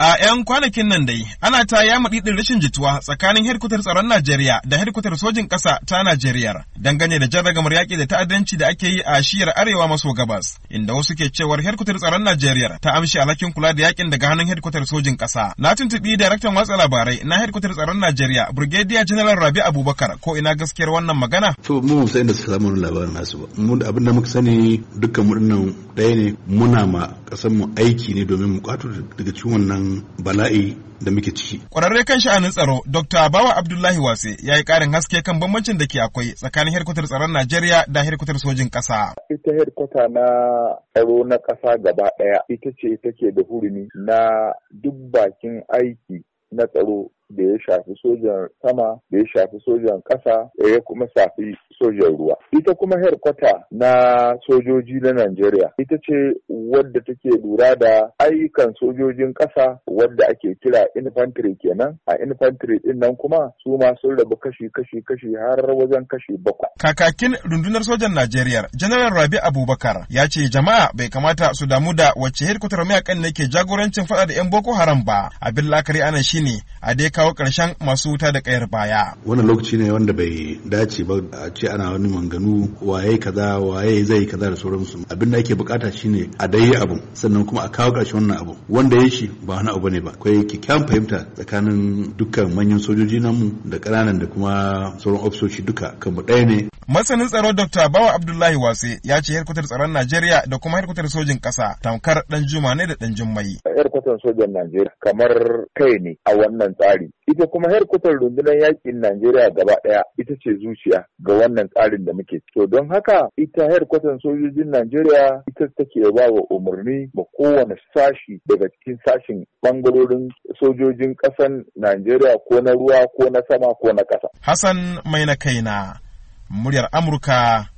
A 'yan kwanakin nan dai, ana ta ya ɗiɗin rashin jituwa tsakanin hedkwatar tsaron Najeriya da hedkwatar sojin ƙasa ta Najeriya dangane da jarragamar yaƙi da ta'addanci da ake yi a shiyar arewa maso gabas, inda wasu ke cewar hedkwatar tsaron Najeriya ta amshi alhakin kula da yaƙin daga hannun hedkwatar sojin ƙasa. Na tuntuɓi daraktan watsa labarai na hedkwatar tsaron Najeriya, Brigadier General Rabi Abubakar, ko ina gaskiyar wannan magana? To mu ba san inda labarin nasu ba. Mu da abin da muka sani dukkan mu ɗaya ne muna ma ƙasar aiki ne domin mu ƙwato daga ciwon nan bala'i da muke ciki. Kwararre kan sha'anin tsaro Dr. Bawa Abdullahi Wase ya yi ƙarin haske kan bambancin da ke akwai tsakanin herkutar tsaron Najeriya da herkutar sojin ƙasa. Ita herkuta na tsaro na ƙasa gaba ɗaya ita ce take da hurumi na duk bakin aiki na tsaro da ya shafi sojan sama da ya shafi sojan ƙasa da ya kuma shafi sojan ruwa ita kuma herkwata na sojoji na Najeriya ita ce wadda take lura da ayyukan sojojin ƙasa wadda ake kira infantry kenan a infantry din nan kuma su ma sun rabu kashi kashi kashi har wajen kashi bakwai kakakin rundunar sojan Najeriya General Rabi Abubakar ya ce jama'a bai kamata su damu da wacce hedkwatar mayakan ne ke jagorancin faɗa da 'yan Boko Haram ba abin la'akari anan shine a dai kawo ƙarshen masu wuta da ƙayar baya. Wannan lokaci ne wanda bai dace ba a ce ana wani manganu waye kaza waye zai kaza da sauransu. Abin da ake bukata shine a dai abu sannan kuma a kawo ƙarshen wannan abu. Wanda ya shi ba wani abu ne ba. Akwai kyakkyawan fahimta tsakanin dukkan manyan sojoji namu da ƙananan da kuma sauran ofisoshi duka kan mu ɗaya ne. Masanin tsaro Dr. Bawa Abdullahi Wase ya ce harkutar tsaron Najeriya da kuma harkutar sojin ƙasa tamkar ɗan juma ne da ɗan jummai. Harkutar sojan Najeriya kamar kai ne a wannan tsari ita kuma harkutar rundunar yakin Najeriya gaba ɗaya ita ce zuciya ga wannan tsarin da muke to don haka ita harkutar sojojin Najeriya ita take ba wa umarni ba kowane sashi daga cikin sashin bangarorin sojojin ƙasan Najeriya ko na ruwa ko na sama ko na ƙasa Hassan mai na kaina muryar Amurka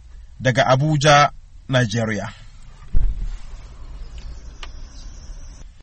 daga Abuja Najeriya